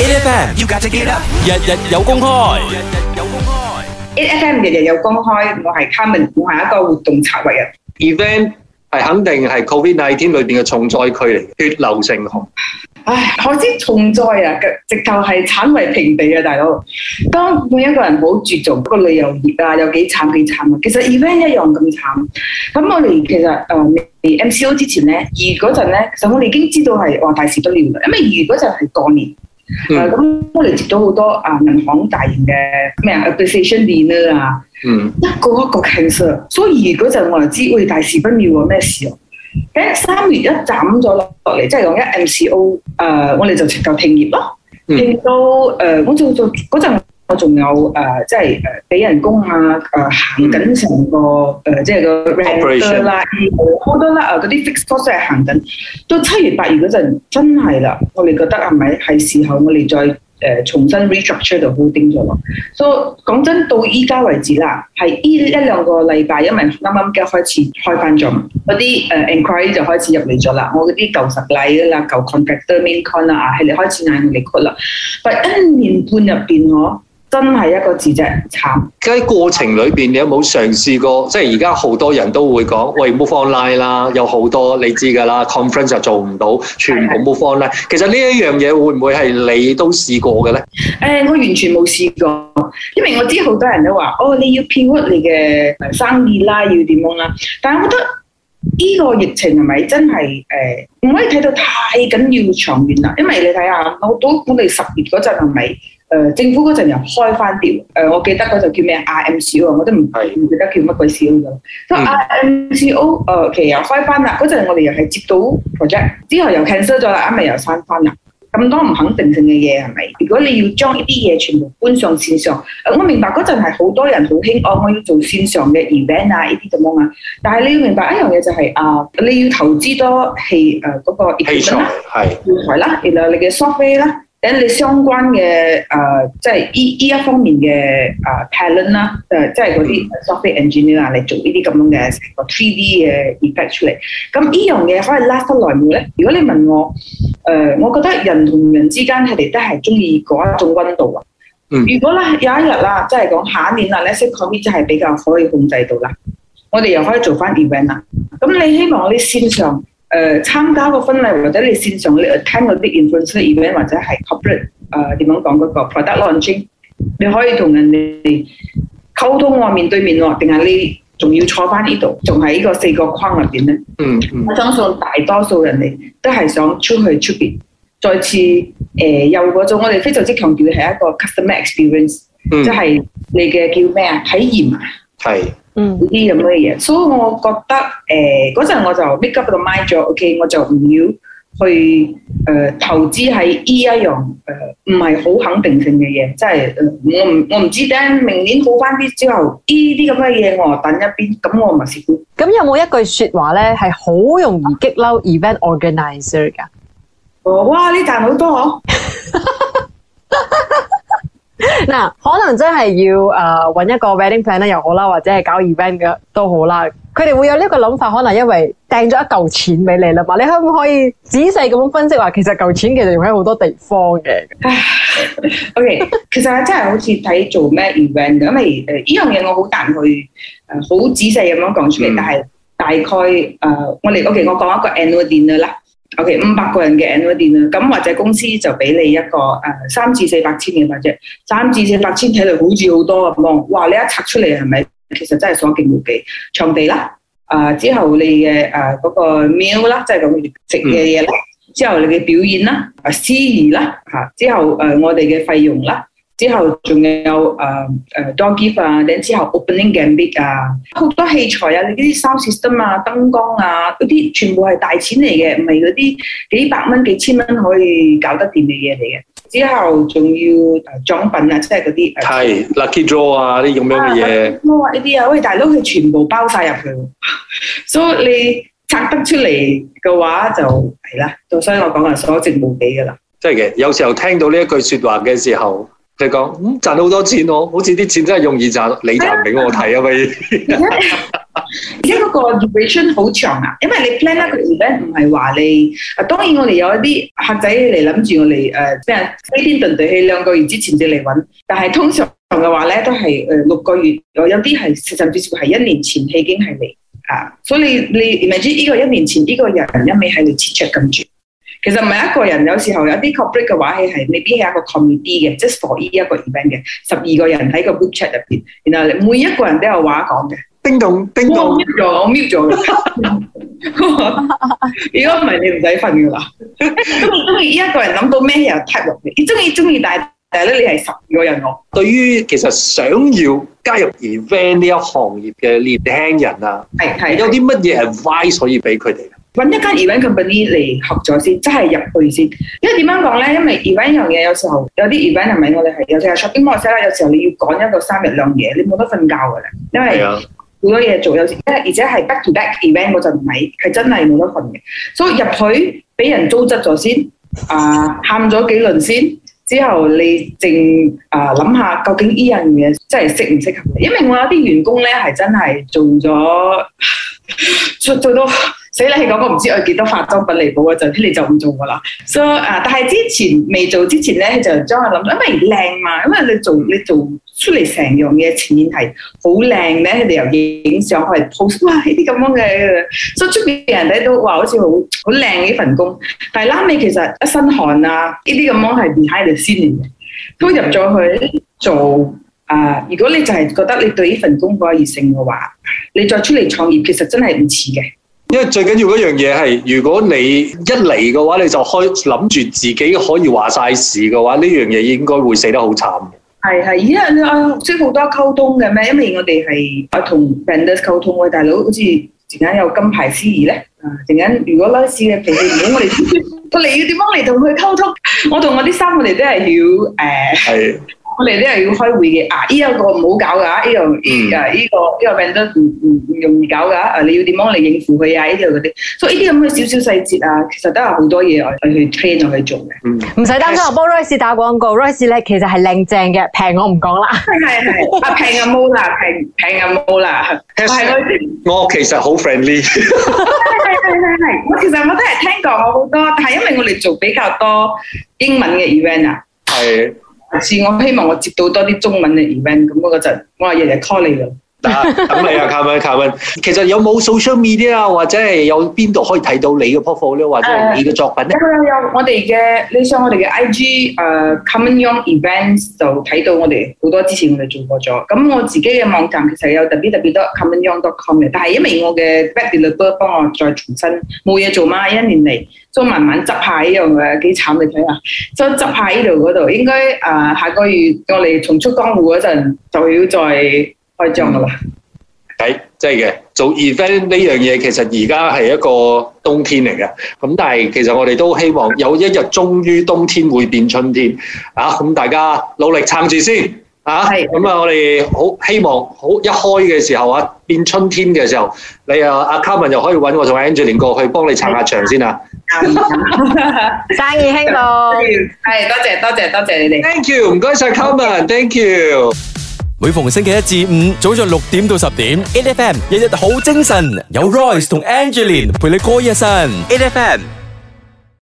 A F M 要搞隻嘢日日有公開，A F M 日日有公開，我係 Carmen 我係一個活動策劃人。Event 係肯定係 COVID nineteen 裏邊嘅重災區嚟，血流成河。唉，我知重災啊，直頭係慘為平地啊，大佬。當每一個人好注重個旅遊業啊，又幾慘幾慘啊。其實 event 一樣咁慘。咁我哋其實未、呃、M C O 之前咧，二月嗰陣咧，其實我哋已經知道係話大事不妙啦，因為二月嗰陣係過年。咁我哋接到好多啊，銀、啊、行大型嘅咩啊 presentation 啊，嗯嗯、一個一個，所以嗰陣我哋知會大事不妙咩事哦，誒，三月一斬咗落嚟，即係講一 MCO，誒、啊，我哋就直頭停業咯，停到誒，我、啊、就嗰陣。我仲有誒、呃，即係誒俾人工啊！誒、啊、行緊成個誒、呃，即係個啦，好 Operation. 多啦啊！嗰啲 fixed cost 都係行緊。到七月八月嗰陣，真係啦，我哋覺得係咪係時候我哋再誒、呃、重新 restructure 好丁咗咯？所以講真，到依家為止啦，係呢一兩個禮拜，因為啱啱啱開始開翻做，嗰啲誒 enquiry 就開始入嚟咗啦。我嗰啲舊 supplier 啦、舊 contractor、main contractor 啊係開始嗌我哋 c u t 啦。但一年半入邊我～、啊真係一個字啫，真慘。喺過程裏邊，你有冇嘗試過？即係而家好多人都會講：喂，move online 啦，有好多你知㗎啦，conference 就做唔到，全部 move online。的其實呢一樣嘢會唔會係你都試過嘅咧？誒、呃，我完全冇試過，因為我知好多人都話：哦，你要 pivot 你嘅生意啦，要點樣啦？但係我覺得。呢個疫情係咪真係誒，唔可以睇到太緊要長遠啦，因為你睇下我都我哋十月嗰陣係咪誒，政府嗰陣又開翻啲誒，我記得嗰陣叫咩 RMCO，我都唔唔記得叫乜鬼事咯，都 RMCO 誒，CO, 其實又開翻啦，嗰陣我哋又係接到 project，之後又 cancel 咗啦，啱咪又刪翻啦。咁多唔肯定性嘅嘢係咪？如果你要將呢啲嘢全部搬上線上，我明白嗰陣係好多人好興哦，我要做線上嘅 event 啊，呢啲咁樣啊。但係你要明白一樣嘢就係、是、啊，你要投資多係誒嗰個 equipment 啦、平台啦、原來你嘅 software 啦，等、啊、的你相關嘅誒即係依依一方面嘅誒 talent 啦，誒即係嗰啲 software engineer 啊嚟、就是嗯、做呢啲咁樣嘅 3D 嘅 effect 出嚟。咁呢樣嘢可以 last 得耐唔咧？如果你問我。誒，uh, 我覺得人同人之間，佢哋都係中意嗰一種溫度啊。嗯，如果咧有一日啦、就是，即係講下一年啦，咧識控制真係比較可以控制到啦。我哋又可以做翻 event 啦。咁你希望你線上誒、呃、參加個婚禮，或者你線上你聽嗰啲 influencer event，或者係 corporate 誒點樣講嗰個 product launching，你可以同人哋溝通喎，面對面喎，定係你？仲要坐翻呢度，仲喺呢個四個框入邊咧。嗯，我相信大多數人哋都係想出去出邊，再次誒、呃、有嗰種我哋非常之強調係一個 customer experience，即係、嗯、你嘅叫咩啊體驗啊。係是嗯呢啲咁嘅嘢，所以我覺得誒嗰陣我就 make up 個 mind 咗，OK，我就唔要。去誒、呃、投資係依、e、一樣誒，唔係好肯定性嘅嘢，即係、呃、我唔我唔知咧。明年好翻啲之後，依啲咁嘅嘢，我等一邊。咁我咪先。咁有冇一句説話咧，係好容易激嬲 event organizer 噶？哦、呃，哇！呢啖好多嗬、啊。嗱、 啊，可能真係要誒揾、呃、一個 wedding planner 又好啦，或者係搞 event 嘅都好啦。佢哋會有呢個諗法，可能因為掟咗一嚿錢俾你啦嘛？你可唔可以仔細咁樣分析話，其實嚿錢其實用喺好多地方嘅？OK， 其實真係好似睇做咩 event 咁嚟誒，呢樣嘢我好難去誒好、呃、仔細咁樣講出嚟，嗯、但係大概誒、呃、我哋 OK，我講一個 annual dinner 啦。OK，五百個人嘅 annual dinner，咁或者公司就俾你一個誒三至四百千嘅或者三至四百千睇嚟好似好多咁咯。哇！你一拆出嚟係咪？是其實真係所見未及場地啦，啊之後你嘅誒嗰個 meal 啦，即係咁食嘅嘢啦，之後你嘅表演啦、司、啊、儀啦、啊，之後誒、啊、我哋嘅費用啦。之後仲有誒誒 door gift 啊，然之後 opening gambit 啊，好多器材啊，你啲 sound system 啊、燈光啊嗰啲，全部係大錢嚟嘅，唔係嗰啲幾百蚊、幾千蚊可以搞得掂嘅嘢嚟嘅。之後仲要獎品啊，即係嗰啲係 lucky draw 啊，啲咁樣嘅嘢。我話呢啲啊，喂大佬，佢全部包晒入去，所以你拆得出嚟嘅話就係啦。就所以我講係所剩無幾噶啦。真係嘅，有時候聽到呢一句説話嘅時候。就講：嗯，賺好多錢喎，好似啲錢真係容易賺，你賺俾我睇啊！咪，而家嗰個 duration 好長啊，因為你 plan 啦，個 event 唔係話你啊。當然我哋有一啲客仔嚟諗住我哋誒，即係飛天遁地去兩個月之前就嚟搵，但係通常嘅話咧都係誒六個月，有有啲係甚至乎係一年前佢已經係嚟啊。所以你唔係知呢個一年前呢個人，一味喺度切出咁住。其實唔係一個人，有時候有啲 corporate 嘅話係，係未必係一個 committee 嘅，即係 for 依一個 event 嘅。十二個人喺個 group chat 入邊，然後每一個人都有話講嘅。叮咚叮咚，我 mute 咗，我 mute 咗。如果唔係，你唔使瞓噶啦。因為因為一個人諗到咩嘢，type 落嚟，你中意中意，但係咧，你係十二個人咯。對於其實想要加入 event 呢一行業嘅年輕人啊，係係有啲乜嘢 advice 可以俾佢哋？揾一間 event company 嚟合作先，真係入去先。因為點樣講咧？因為 event 一樣嘢，有時候有啲 event 係咪？我哋係有時候出邊摸西啦，有時候你要趕一個三日兩夜，你冇得瞓覺㗎啦。因為好多嘢做，有時咧，而且係 back to back event 嗰陣，係係真係冇得瞓嘅。所以入去俾人糟質咗先，啊喊咗幾輪先，之後你淨啊諗下究竟呢樣嘢真係適唔適合你？因為我有啲員工咧係真係做咗出到。所以你係講個唔知我幾多化妝品嚟補嘅，就聽你就唔做噶啦。所啊，但係之前未做之前咧，就裝下諗，因為靚嘛，因為你做你做出嚟成樣嘢，前面係好靚咧，你又影相，去，好 p o 哇呢啲咁樣嘅，所以出邊嘅人睇到哇，這這 so，好似好好靚嘅呢份工。但係啦尾其實一身汗啊，呢啲咁樣係變喺度黐嘅。都入咗去做啊、呃，如果你就係覺得你對呢份工個熱性嘅話，你再出嚟創業其實真係唔似嘅。因為最緊要嗰樣嘢係，如果你一嚟嘅話，你就開諗住自己可以話晒事嘅話，呢樣嘢應該會死得好慘。係係，因為啊，需要好多溝通嘅咩？因為我哋係啊，同 branders 溝通嘅大佬，好似陣間有金牌司儀咧。啊，陣間如果拉屎嘅脾氣，如果我哋佢嚟要點樣嚟同佢溝通？我同我啲三個我哋都係要誒。係、啊。我哋都係要開會嘅，啊！呢一個唔好搞噶，呢樣呢啊呢個呢個 event 都唔唔唔容易搞噶，啊！你要點樣嚟應付佢啊？呢啲嗰啲，所以呢啲咁嘅小小細節啊，其實都係好多嘢我我去 train 去做嘅。唔使擔心，我幫 Royce 打廣告。Royce 咧其實係靚正嘅，平我唔講啦。係係係，啊平啊冇啦，平平啊冇啦。係我，我其實好 friendly。係係係，我其實我都係聽講好多，但係因為我哋做比較多英文嘅 event 啊，係。是我希望我接到多啲中文嘅 event，咁嗰陣我話日日 call 你咯。咁 你啊 Carmen Carmen 其實有冇 social media 啊，或者係有邊度可以睇到你嘅 portfolio 或者你嘅作品咧？Uh, 有有有，我哋嘅你上我哋嘅 IG，誒、uh,，Carmen Yong Events 就睇到我哋好多之前我哋做過咗。咁我自己嘅網站其實有特別特別多，carmenyong.com 嘅。但係因為我嘅 back developer 幫我再重新冇嘢做嘛，一年嚟都慢慢執下呢樣嘅幾慘你睇下，就執、啊、下呢度嗰度。應該誒，uh, 下個月我哋重出江湖嗰陣就要再。開張㗎喇，係、嗯、真係嘅。做 event 呢樣嘢，其實而家係一個冬天嚟嘅。咁但係，其實我哋都希望有一日，終於冬天會變春天啊！咁大家努力撐住先吓，係咁啊，我哋好希望好一開嘅時候啊，變春天嘅時候，你啊，阿 Carmen 就可以揾我同 Angeline 過去幫你撐下場先啊！的生意興隆，係多謝多謝多謝你哋。Thank you，唔該晒 Carmen 的。Thank you。每逢星期一至五，早上六點到十點，A F M 日日好精神，有 Royce 同 Angeline 陪你歌一生，A F M。